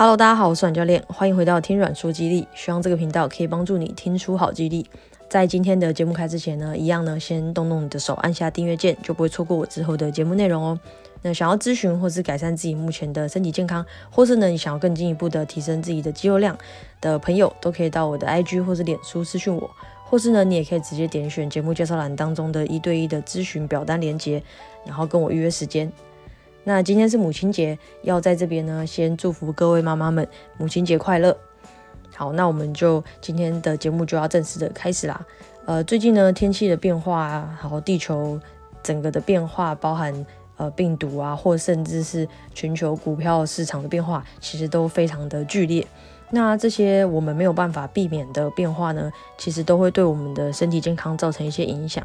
Hello，大家好，我是阮教練，歡迎回到聽阮說肌力，希望這個頻道可以幫助你聽出好肌力。在今天的節目開始之前呢，一樣呢，先動動你的手，按下訂閱鍵，就不會錯過我之後的節目內容哦。那想要諮詢或是改善自己目前的身體健康，或是呢，你想要更進一步的提升自己的肌肉量的朋友，都可以到我的 IG 或是臉書私訊我，或是呢，你也可以直接點選節目介紹欄當中的一對一的諮詢表單連結，然後跟我預約時間。那今天是母親節，要在這邊呢，先祝福各位媽媽們母親節快樂。好，那我們就今天的節目就要正式的開始啦。呃，最近呢，天氣的變化啊，然後地球整個的變化，包含呃病毒啊，或甚至是全球股票市場的變化，其實都非常的劇烈。那這些我們沒有辦法避免的變化呢，其實都會對我們的身體健康造成一些影響。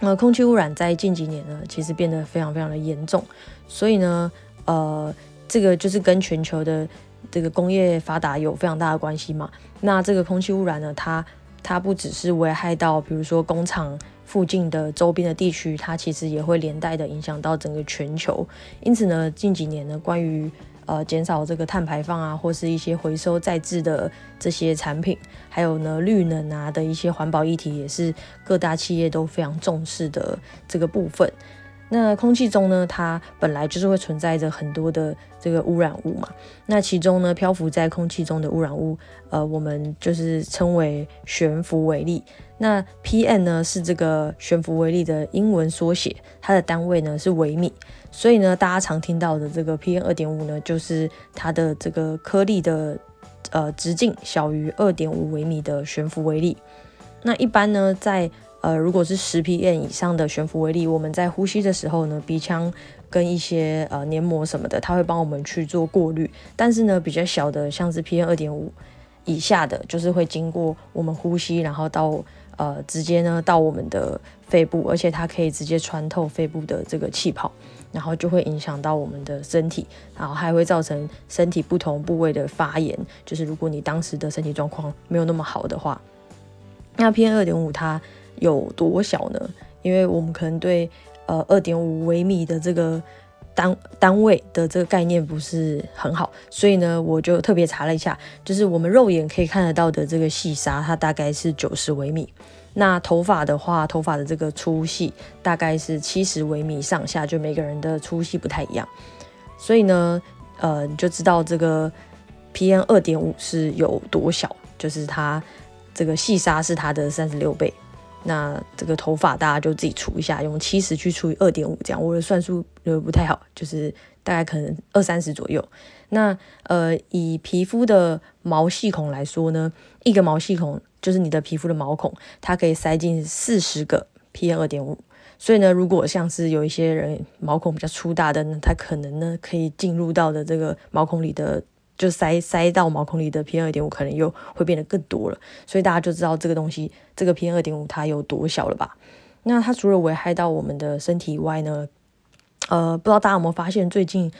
那、呃、空氣污染，在近幾年呢，其實變得非常非常的嚴重，所以呢，呃，這個就是跟全球的這個工業發達有非常大的關係嘛。那這個空氣污染呢，它它不只是危害到比如說工廠附近的周邊的地區，它其實也會連帶的影響到整個全球。因此呢，近幾年呢，關於呃，減少這個碳排放啊，或是一些回收再製的這些產品，還有呢，綠能啊的一些環保議題，也是各大企業都非常重視的這個部分。那空氣中呢，它本來就是會存在着很多的這個污染物嘛。那其中呢，漂浮在空氣中的污染物，呃，我們就是稱為懸浮微粒。那 PM 呢，是這個懸浮微粒的英文縮寫，它的單位呢，是微米。所以呢，大家常聽到的這個 PM 二點五呢，就是它的這個顆粒的呃直徑小於二點五微米的懸浮微粒。那一般呢，在呃，如果是十 PM 以上的懸浮微粒，我們在呼吸的時候呢，鼻腔跟一些呃黏膜什麼的，它會幫我們去做過濾。但是呢，比較小的，像是 PM 二點五以下的，就是會經過我們呼吸，然後到呃直接呢到我們的肺部，而且它可以直接穿透肺部的這個氣泡，然後就會影響到我們的身體，然後還會造成身體不同部位的發炎。就是如果你當時的身體狀況沒有那麼好的話，那 PM 二點五它。有多小呢？因為我們可能對呃二點五微米的這個單單位的這個概念不是很好，所以呢，我就特別查了一下，就是我們肉眼可以看得到的這個細沙，它大概是九十微米。那頭髮的話，頭髮的這個粗細大概是七十微米上下，就每個人的粗細不太一樣。所以呢，呃，你就知道這個 PM 二點五是有多小，就是它這個細沙是它的三十六倍。那這個頭髮大家就自己除一下，用七十去除以二點五，這樣。我的算數呃不太好，就是大概可能二三十左右。那呃以皮膚的毛細孔來說呢，一個毛細孔就是你的皮膚的毛孔，它可以塞進四十個 PM 二點五。所以呢，如果像是有一些人毛孔比較粗大的呢，它可能呢可以進入到的這個毛孔裡的。就塞塞到毛孔裡的 PM 二點五可能又會變得更多了，所以大家就知道這個東西，這個 PM 二點五它有多小了吧？那它除了危害到我們的身體以外呢，呃，不知道大家有沒有發現最近，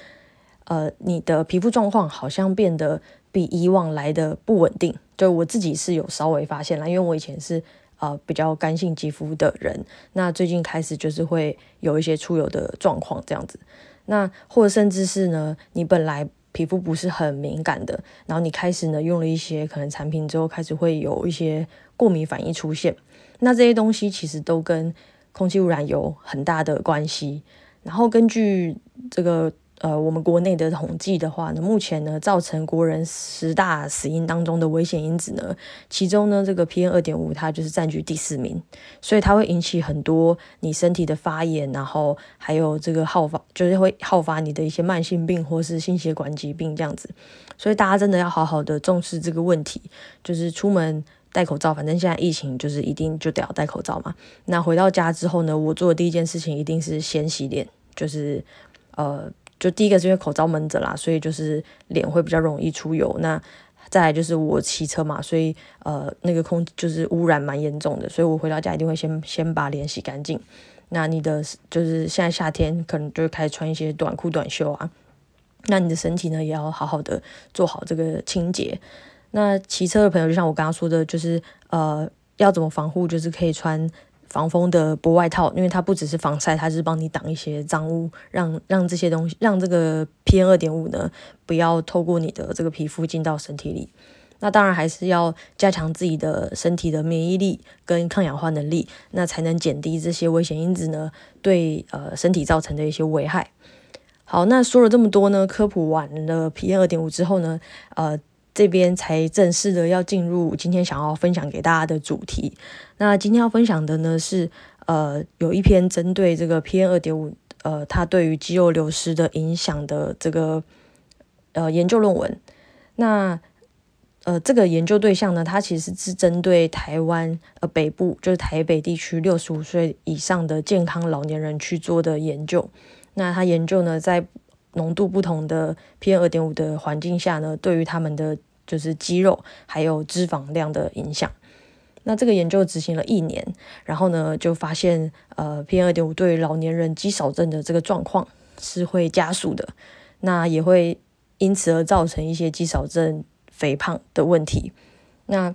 呃，你的皮膚狀況好像變得比以往來的不穩定。就我自己是有稍微發現了，因為我以前是呃，比較乾性肌膚的人，那最近開始就是會有一些出油的狀況這樣子，那或者甚至是呢，你本來。皮膚不是很敏感的，然後你開始呢用了一些可能產品之後，開始會有一些過敏反應出現。那這些東西其實都跟空氣污染有很大的關係。然後根據這個。呃，我們國內的統計的話呢，目前呢，造成國人十大死因當中的危險因子呢，其中呢這個 PM2.5 它就是占據第四名，所以它會引起很多你身體的發炎，然後還有這個好發，就是會好發你的一些慢性病或是心血管疾病這樣子，所以大家真的要好好的重視這個問題，就是出門戴口罩，反正現在疫情就是一定就得要戴口罩嘛。那回到家之後呢，我做的第一件事情一定是先洗臉，就是呃。就第一個是因為口罩悶着啦，所以就是臉會比較容易出油。那再來就是我騎車嘛，所以呃那個空就是污染蠻嚴重的，所以我回到家一定會先先把臉洗乾淨。那你的就是現在夏天可能就是開始穿一些短褲短袖啊，那你的身體呢也要好好的做好這個清潔。那騎車的朋友，就像我剛剛說的，就是呃要怎麼防護，就是可以穿。防風的薄外套，因為它不只是防曬，它是幫你擋一些髒污，讓讓這些東西，讓這個 P M 二點五呢，不要透過你的這個皮膚進到身體裡。那當然還是要加強自己的身體的免疫力跟抗氧化能力，那才能減低這些危險因子呢，對，呃身體造成的一些危害。好，那說了這麼多呢，科普完了 P M 二點五之後呢，呃。這邊才正式的要進入今天想要分享給大家的主題。那今天要分享的呢是呃，有一篇針對這個 PM 二點五呃，它對於肌肉流失的影響的這個呃研究論文。那呃這個研究對象呢，它其實是針對台灣呃北部就是台北地區六十五歲以上的健康老年人去做的研究。那他研究呢，在濃度不同的 PM 二點五的環境下呢，對於他們的就是肌肉還有脂肪量的影響。那這個研究執行了一年，然後呢就發現，呃 PM 二點五對老年人肌少症的這個狀況是會加速的，那也會因此而造成一些肌少症肥胖的問題。那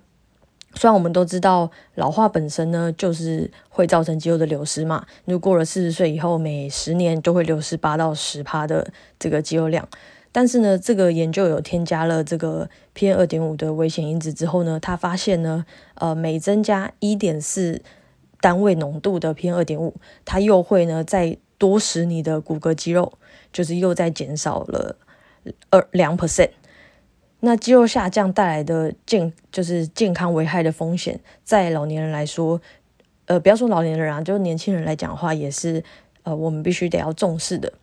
雖然我們都知道，老化本身呢就是會造成肌肉的流失嘛，如果過了四十歲以後，每十年都會流失八到十趴的這個肌肉量。但是呢，這個研究有添加了這個 PM 二點五的危險因子之後呢，他發現呢，呃，每增加一點四單位濃度的 PM 二點五，它又會呢再多使你的骨骼肌肉就是又在減少了二兩 percent。那肌肉下降帶來的健就是健康危害的風險，在老年人來說，呃，不要說老年人啊，就是年輕人來講的話，也是呃我們必須得要重視的。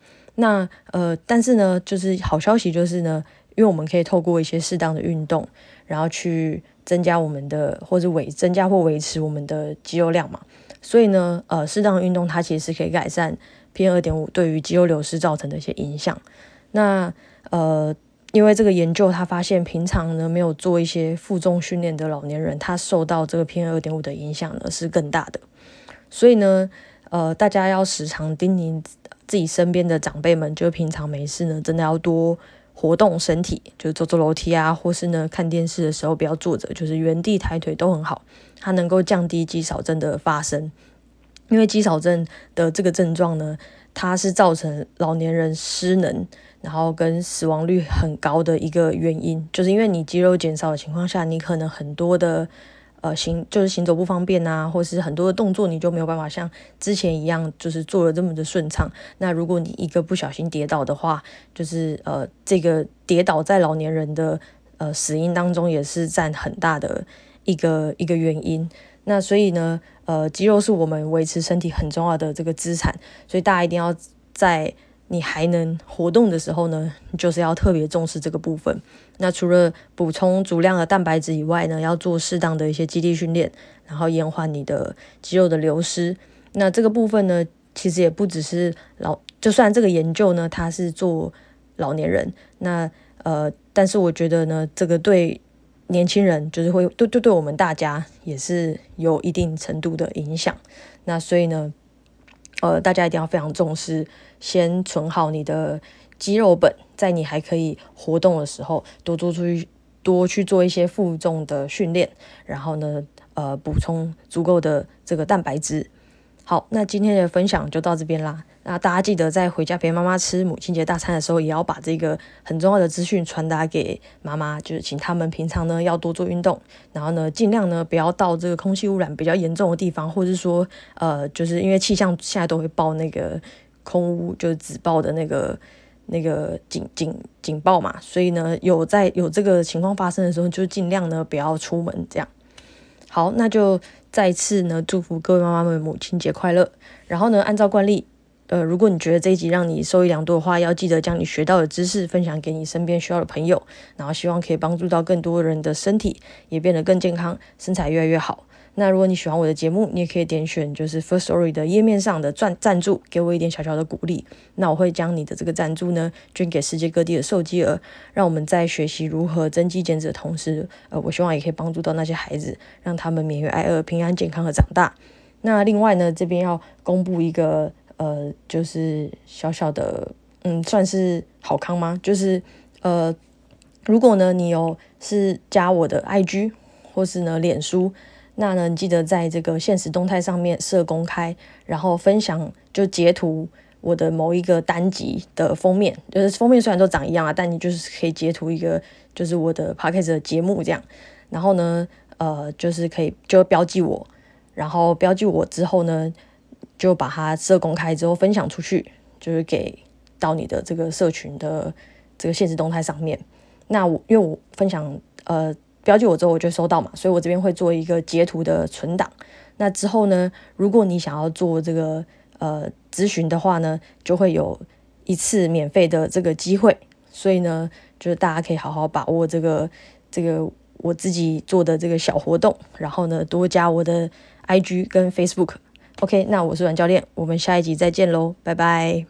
那呃，但是呢，就是好消息就是呢，因為我們可以透過一些適當的運動，然後去增加我們的或者維增加或維持我們的肌肉量嘛。所以呢，呃，適當的運動它其實可以改善 PM 二點五對於肌肉流失造成的一些影響。那呃，因為這個研究他發現，平常呢沒有做一些負重訓練的老年人，他受到這個 PM 二點五的影響呢是更大的。所以呢，呃，大家要時常叮嚀。自己身邊的長輩們，就平常沒事呢，真的要多活動身體，就是走走樓梯啊，或是呢看電視的時候不要坐着，就是原地抬腿都很好。它能夠降低肌少症的發生，因為肌少症的這個症狀呢，它是造成老年人失能，然後跟死亡率很高的一個原因，就是因為你肌肉減少的情況下，你可能很多的。呃，行就是行走不方便啊，或是很多的動作你就沒有辦法像之前一樣，就是做的這麼的順暢。那如果你一個不小心跌倒的話，就是呃，這個跌倒在老年人的呃死因當中也是佔很大的一個一個原因。那所以呢，呃，肌肉是我們維持身體很重要的這個資產，所以大家一定要在。你還能活動的時候呢，就是要特別重視這個部分。那除了補充足量的蛋白質以外呢，要做適當的一些肌力訓練，然後延緩你的肌肉的流失。那這個部分呢，其實也不只是老，就算這個研究呢，它是做老年人，那呃，但是我覺得呢，這個對年輕人就是會對對我們大家也是有一定程度的影響。那所以呢。呃，大家一定要非常重視，先存好你的肌肉本，在你還可以活動的時候，多做出去，多去做一些負重的訓練，然後呢，呃，補充足夠的這個蛋白質。好，那今天的分享就到這邊啦。那大家記得在回家陪媽媽吃母親節大餐的時候，也要把這個很重要的資訊傳達給媽媽，就是請他們平常呢要多做運動，然後呢盡量呢不要到這個空氣污染比較嚴重的地方，或者說呃，就是因為氣象現在都會報那個空污，就是紫爆的那個那個警警警報嘛，所以呢有在有這個情況發生的時候，就盡量呢不要出門這樣。好，那就再次呢祝福各位媽媽們母親節快樂，然後呢按照慣例。呃，如果你覺得這一集讓你受益良多的話，要記得將你學到的知識分享給你身邊需要的朋友，然後希望可以幫助到更多人的身體也變得更健康，身材越來越好。那如果你喜歡我的節目，你也可以點選就是 First Story 的頁面上的贊贊助，給我一點小小的鼓勵。那我會將你的這個贊助呢捐給世界各地的受飢兒，讓我們在學習如何增肌減脂的同時，呃，我希望也可以幫助到那些孩子，讓他們免於挨餓，平安健康的長大。那另外呢，這邊要公布一個。呃，就是小小的，嗯，算是好康嗎？就是呃，如果呢，你有是加我的 IG 或是呢臉書，那呢，你記得在這個限時動態上面設公開，然後分享，就截圖我的某一個單集的封面，就是封面雖然都長一樣啊，但你就是可以截圖一個就是我的 podcast 的節目這樣，然後呢，呃，就是可以就標記我，然後標記我之後呢。就把它設公開之後分享出去，就是給到你的這個社群的這個限時動態上面。那我因為我分享呃，標記我之後我就收到嘛，所以我這邊會做一個截圖的存檔。那之後呢，如果你想要做這個呃諮詢的話呢，就會有一次免費的這個機會。所以呢，就是大家可以好好把握這個這個我自己做的這個小活動，然後呢多加我的 IG 跟 Facebook。OK，那我是阮教練，我們下一集再見嘍，拜拜。